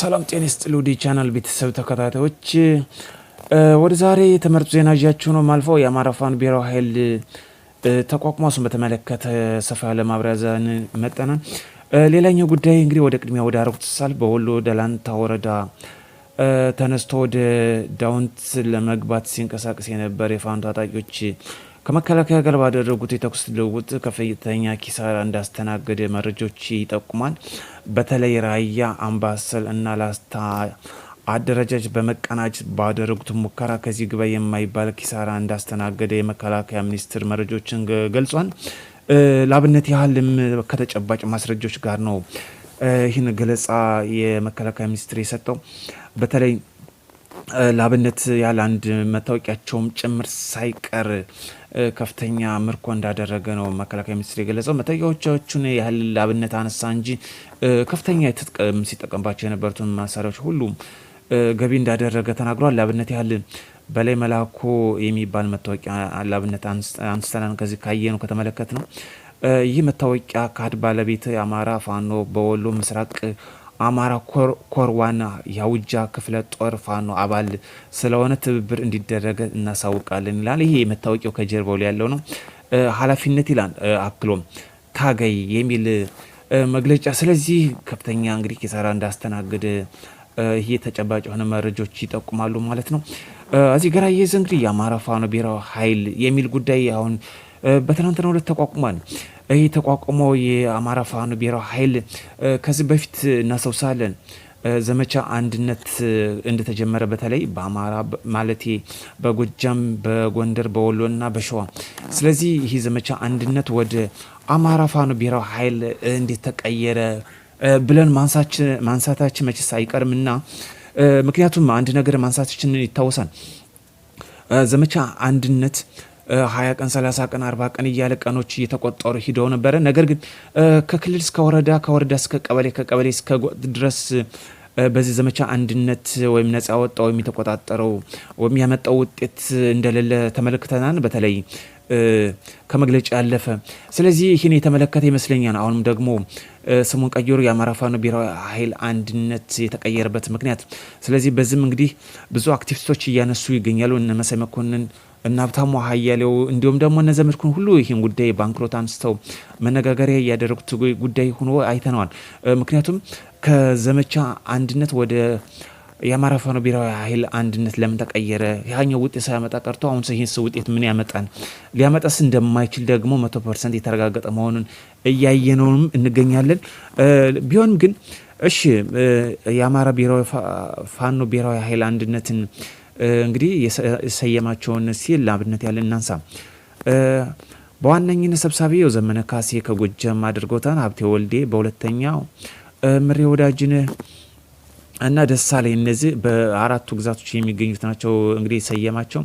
ሰላም ጤና ይስጥልኝ ውድ የቻናል ቤተሰብ ተከታታዮች፣ ወደ ዛሬ የተመረጡ ዜና ይዣችሁ ነው ማልፈው። የአማራ ፋኖ ብሔራዊ ኃይል ተቋቁሞ እሱን በተመለከተ ሰፋ ያለ ማብራሪያ ይዘን መጥተናል። ሌላኛው ጉዳይ እንግዲህ ወደ ቅድሚያ ወደ አረጉት ሳል በወሎ ደላንታ ወረዳ ተነስቶ ወደ ዳውንት ለመግባት ሲንቀሳቀስ የነበረ የፋኖ ታጣቂዎች ከመከላከያ ጋር ባደረጉት የተኩስ ልውውጥ ከፍተኛ ኪሳራ እንዳስተናገደ መረጃዎች ይጠቁማል። በተለይ ራያ፣ አምባሰል እና ላስታ አደረጃጅ በመቀናጀት ባደረጉት ሙከራ ከዚህ ግባ የማይባል ኪሳራ እንዳስተናገደ የመከላከያ ሚኒስቴር መረጃዎችን ገልጿል። ለአብነት ያህልም ከተጨባጭ ማስረጃዎች ጋር ነው ይህን ገለጻ የመከላከያ ሚኒስቴር የሰጠው በተለይ ለአብነት ያለ አንድ መታወቂያቸውም ጭምር ሳይቀር ከፍተኛ ምርኮ እንዳደረገ ነው መከላከያ ሚኒስትር የገለጸው። መታወቂያዎቻችን ያህል ለአብነት አነሳ እንጂ ከፍተኛ ትጥቅም ሲጠቀምባቸው የነበሩትን መሳሪያዎች ሁሉ ገቢ እንዳደረገ ተናግሯል። ለአብነት ያህል በላይ መላኮ የሚባል መታወቂያ ለአብነት አንስተናን ከዚህ ካየ ነው ከተመለከት ነው ይህ መታወቂያ ካድ ባለቤት የአማራ ፋኖ በወሎ ምስራቅ አማራ ኮር ዋና የአውጃ ክፍለ ጦር ፋኖ አባል ስለሆነ ትብብር እንዲደረገ እናሳውቃለን ይላል። ይሄ የመታወቂያው ከጀርባው ላይ ያለው ነው። ኃላፊነት ይላል አክሎም ታገይ የሚል መግለጫ። ስለዚህ ከፍተኛ እንግዲህ ኪሳራ እንዳስተናግድ ይሄ ተጨባጭ የሆነ መረጃዎች ይጠቁማሉ ማለት ነው። እዚህ ገራ ይህ እንግዲህ የአማራ ፋኖ ብሔራዊ ኃይል የሚል ጉዳይ አሁን በትናንትናው ዕለት ተቋቁሟል። የተቋቋመው የአማራ ፋኖ ብሔራዊ ኃይል ከዚህ በፊት እናስታውሳለን ዘመቻ አንድነት እንደተጀመረ በተለይ በአማራ ማለቴ በጎጃም፣ በጎንደር፣ በወሎና በሸዋ። ስለዚህ ይህ ዘመቻ አንድነት ወደ አማራ ፋኖ ብሔራዊ ኃይል እንዴት ተቀየረ ብለን ማንሳታችን መቼስ አይቀርምና ምክንያቱም አንድ ነገር ማንሳታችን ይታወሳል። ዘመቻ አንድነት ሀያ ቀን ሰላሳ ቀን አርባ ቀን እያለ ቀኖች እየተቆጠሩ ሂደው ነበረ። ነገር ግን ከክልል እስከ ወረዳ ከወረዳ እስከ ቀበሌ ከቀበሌ እስከ ጎጥ ድረስ በዚህ ዘመቻ አንድነት ወይም ነጻ ወጣ ወይም የተቆጣጠረው ወይም ያመጣው ውጤት እንደሌለ ተመልክተናል። በተለይ ከመግለጫ ያለፈ ስለዚህ ይህን የተመለከተ ይመስለኛል። አሁንም ደግሞ ስሙን ቀይሮ የአማራ ፋኖ ብሔራዊ ኃይል አንድነት የተቀየረበት ምክንያት ስለዚህ በዚህም እንግዲህ ብዙ አክቲቪስቶች እያነሱ ይገኛሉ እነ መሳይ መኮንን እና ሀብታሙ አያሌው እንዲሁም ደግሞ እነ ዘመድኩን ሁሉ ይህን ጉዳይ ባንክሮት አንስተው መነጋገሪያ ያደረጉት ጉዳይ ሆኖ አይተነዋል። ምክንያቱም ከዘመቻ አንድነት ወደ የአማራ ፋኖ ብሔራዊ ኃይል አንድነት ለምን ተቀየረ? ያኛው ውጤት ሳያመጣ ቀርቶ አሁን ይህስ ውጤት ምን ያመጣን? ሊያመጣስ እንደማይችል ደግሞ መቶ ፐርሰንት የተረጋገጠ መሆኑን እያየነውም እንገኛለን። ቢሆንም ግን እሺ የአማራ ፋኖ ብሔራዊ ኃይል አንድነትን እንግዲህ የሰየማቸውን ሲል ለአብነት ያለ እናንሳ። በዋነኝነት ሰብሳቢው ዘመነ ካሴ ከጎጃም አድርጎታን፣ ሀብቴ ወልዴ በሁለተኛው፣ ምሬ ወዳጅን እና ላይ እነዚህ በአራቱ ግዛቶች የሚገኙት ናቸው። እንግዲህ የሰየማቸው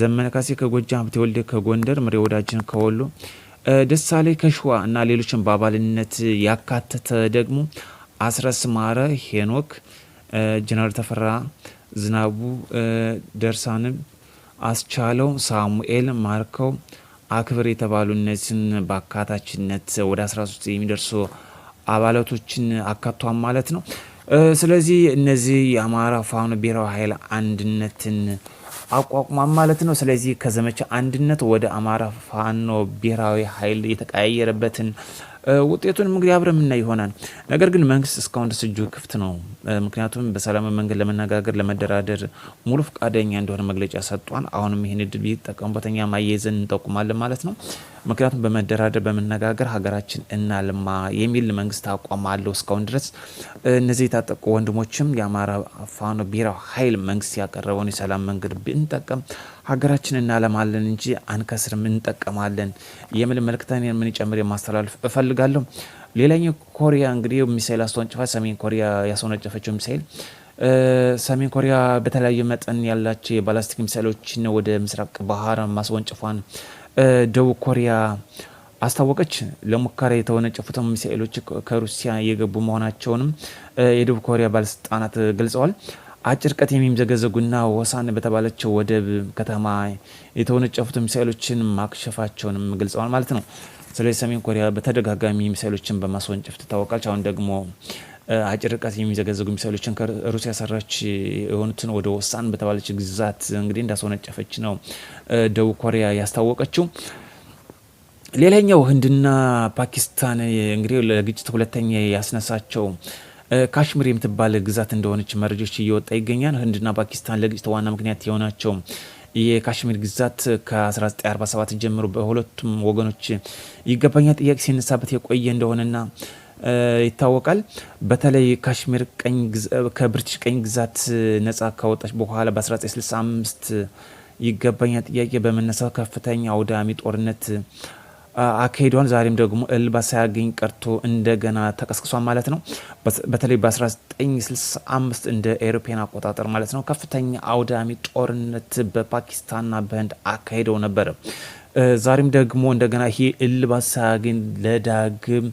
ዘመነ ካሴ ከጎጃም፣ ሀብቴ ወልዴ ከጎንደር፣ ምሬ ወዳጅን ከወሎ፣ ላይ ከሸዋ እና ሌሎችን በአባልነት ያካተተ ደግሞ አስረስ ማረ ሄኖክ ጀነራል ተፈራ ዝናቡ፣ ደርሳንም አስቻለው፣ ሳሙኤል ማርከው፣ አክብር የተባሉ እነዚህን በአካታችነት ወደ 13 የሚደርሱ አባላቶችን አካቷን ማለት ነው። ስለዚህ እነዚህ የአማራ ፋኖ ብሔራዊ ኃይል አንድነትን አቋቁሟን ማለት ነው። ስለዚህ ከዘመቻ አንድነት ወደ አማራ ፋኖ ብሔራዊ ኃይል የተቀያየረበትን ውጤቱን እንግዲህ አብረን የምናይ ይሆናል። ነገር ግን መንግስት እስካሁን ድረስ እጁ ክፍት ነው። ምክንያቱም በሰላም መንገድ ለመነጋገር ለመደራደር ሙሉ ፈቃደኛ እንደሆነ መግለጫ ሰጥቷል። አሁንም ይህን እድል ቢጠቀሙበት እኛ ማያይዘን እንጠቁማለን ማለት ነው። ምክንያቱም በመደራደር በመነጋገር ሀገራችን እናልማ የሚል መንግስት አቋም አለው። እስካሁን ድረስ እነዚህ የታጠቁ ወንድሞችም የአማራ ፋኖ ብሔራዊ ኃይል መንግስት ያቀረበውን የሰላም መንገድ ብንጠቀም ሀገራችን እናለማለን እንጂ አንከስርም፣ እንጠቀማለን የሚል መልእክትን የምንጨምር የማስተላለፍ እፈልጋለሁ። እፈልጋለሁ። ሌላኛው ኮሪያ እንግዲህ ሚሳይል አስተወንጭፋ ሰሜን ኮሪያ ያስወነጨፈችው ሚሳይል ሰሜን ኮሪያ በተለያዩ መጠን ያላቸው የባላስቲክ ሚሳይሎችን ወደ ምስራቅ ባህር ማስወንጭፏን ደቡብ ኮሪያ አስታወቀች። ለሙከራ የተወነጨፉትን ሚሳኤሎች ከሩሲያ የገቡ መሆናቸውንም የደቡብ ኮሪያ ባለስልጣናት ገልጸዋል። አጭር ርቀት የሚምዘገዘጉና ወሳን በተባለችው ወደብ ከተማ የተወነጨፉት ሚሳኤሎችን ማክሸፋቸውንም ገልጸዋል ማለት ነው። ስለዚህ ሰሜን ኮሪያ በተደጋጋሚ ሚሳይሎችን በማስወንጨፍ ትታወቃለች። አሁን ደግሞ አጭር ርቀት የሚዘገዘጉ ሚሳይሎችን ከሩሲያ ሰራች የሆኑትን ወደ ወሳን በተባለች ግዛት እንግዲህ እንዳስወነጨፈች ነው ደቡብ ኮሪያ ያስታወቀችው። ሌላኛው ህንድና ፓኪስታን እንግዲህ ለግጭት ሁለተኛ ያስነሳቸው ካሽሚር የምትባል ግዛት እንደሆነች መረጃዎች እየወጣ ይገኛል። ህንድና ፓኪስታን ለግጭት ዋና ምክንያት የሆናቸው የካሽሚር ግዛት ከ1947 ጀምሮ በሁለቱም ወገኖች ይገባኛል ጥያቄ ሲነሳበት የቆየ እንደሆነና ይታወቃል። በተለይ ካሽሚር ከብሪቲሽ ቀኝ ግዛት ነጻ ከወጣች በኋላ በ1965 ይገባኛል ጥያቄ በመነሳት ከፍተኛ አውዳሚ ጦርነት አካሄዷን ዛሬም ደግሞ እልባት ሳያገኝ ቀርቶ እንደገና ተቀስቅሷል ማለት ነው። በተለይ በ1965 እንደ ኤሮፒያን አቆጣጠር ማለት ነው ከፍተኛ አውዳሚ ጦርነት በፓኪስታንና በህንድ አካሂደው ነበረ። ዛሬም ደግሞ እንደገና ይሄ እልባት ሳያገኝ ለዳግም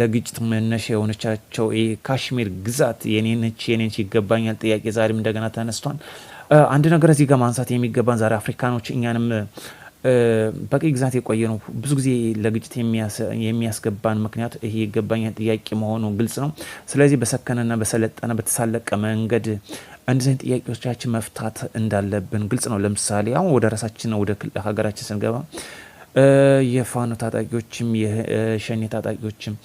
ለግጭት መነሻ የሆነቻቸው የካሽሚር ግዛት የኔነች የኔነች ይገባኛል ጥያቄ ዛሬም እንደገና ተነስቷል። አንድ ነገር እዚህ ጋር ማንሳት የሚገባን ዛሬ አፍሪካኖች እኛንም በቂ ግዛት የቆየ ነው። ብዙ ጊዜ ለግጭት የሚያስገባን ምክንያት ይሄ የይገባኛል ጥያቄ መሆኑ ግልጽ ነው። ስለዚህ በሰከነና በሰለጠነ በተሳለቀ መንገድ እንደዚህ ጥያቄዎቻችን መፍታት እንዳለብን ግልጽ ነው። ለምሳሌ አሁን ወደ ራሳችን ወደ ሀገራችን ስንገባ የፋኖ ታጣቂዎችም የሸኔ ታጣቂዎችም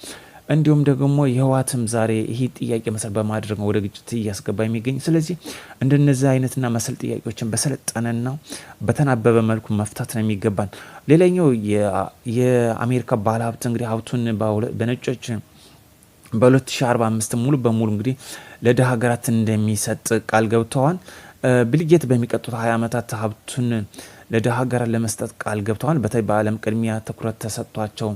እንዲሁም ደግሞ የህወሓትም ዛሬ ይህ ጥያቄ መሰል በማድረግ ነው ወደ ግጭት እያስገባ የሚገኝ። ስለዚህ እንደነዚህ አይነትና መሰል ጥያቄዎችን በሰለጠነና በተናበበ መልኩ መፍታት ነው የሚገባን። ሌላኛው የአሜሪካ ባለሀብት እንግዲህ ሀብቱን በነጮች በ2045 ሙሉ በሙሉ እንግዲህ ለድሃ ሀገራት እንደሚሰጥ ቃል ገብተዋል። ቢልጌት በሚቀጥሉት 20 ዓመታት ሀብቱን ለድሃ ሀገራት ለመስጠት ቃል ገብተዋል። በተለይ በዓለም ቅድሚያ ትኩረት ተሰጥቷቸው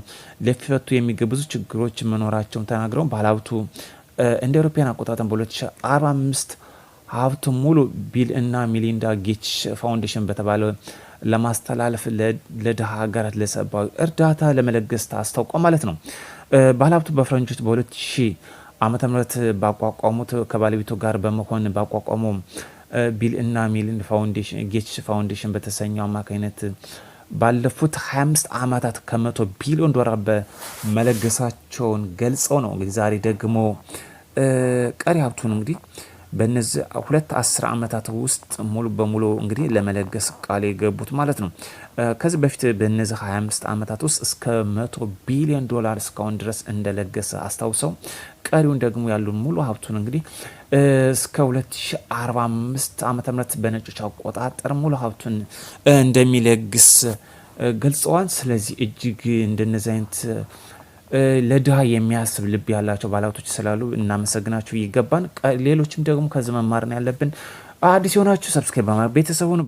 ሊፈቱ የሚገቡ ብዙ ችግሮች መኖራቸውን ተናግረው ባለሀብቱ እንደ አውሮፓውያን አቆጣጠር በ2045 ሀብቱ ሙሉ ቢል እና ሚሊንዳ ጌች ፋውንዴሽን በተባለ ለማስተላለፍ ለድሃ ሀገራት ለሰብአዊ እርዳታ ለመለገስ አስታውቋል ማለት ነው። ባለሀብቱ በፈረንጆች በ2000 ዓመተ ምህረት ባቋቋሙት ከባለቤቱ ጋር በመሆን ባቋቋሙ ቢል እና ሜሊንዳ ፋውንዴሽን ጌትስ ፋውንዴሽን በተሰኘው አማካኝነት ባለፉት 25 ዓመታት ከመቶ ቢሊዮን ዶላር በመለገሳቸውን ገልጸው ነው እንግዲህ ዛሬ ደግሞ ቀሪ ሀብቱን እንግዲህ በእነዚህ ሁለት አስር ዓመታት ውስጥ ሙሉ በሙሉ እንግዲህ ለመለገስ ቃል የገቡት ማለት ነው። ከዚህ በፊት በእነዚህ 25 ዓመታት ውስጥ እስከ መቶ ቢሊዮን ዶላር እስካሁን ድረስ እንደለገሰ አስታውሰው ቀሪውን ደግሞ ያሉን ሙሉ ሀብቱን እንግዲህ እስከ 2045 ዓ ም በነጮች አቆጣጠር ሙሉ ሀብቱን እንደሚለግስ ገልጸዋል። ስለዚህ እጅግ እንደነዚህ አይነት ለድሃ የሚያስብ ልብ ያላቸው ባለሀብቶች ስላሉ እናመሰግናቸው ይገባን። ሌሎችም ደግሞ ከዚህ መማርን ያለብን አዲስ የሆናችሁ ሰብስክራይብ በማድረግ ቤተሰቡን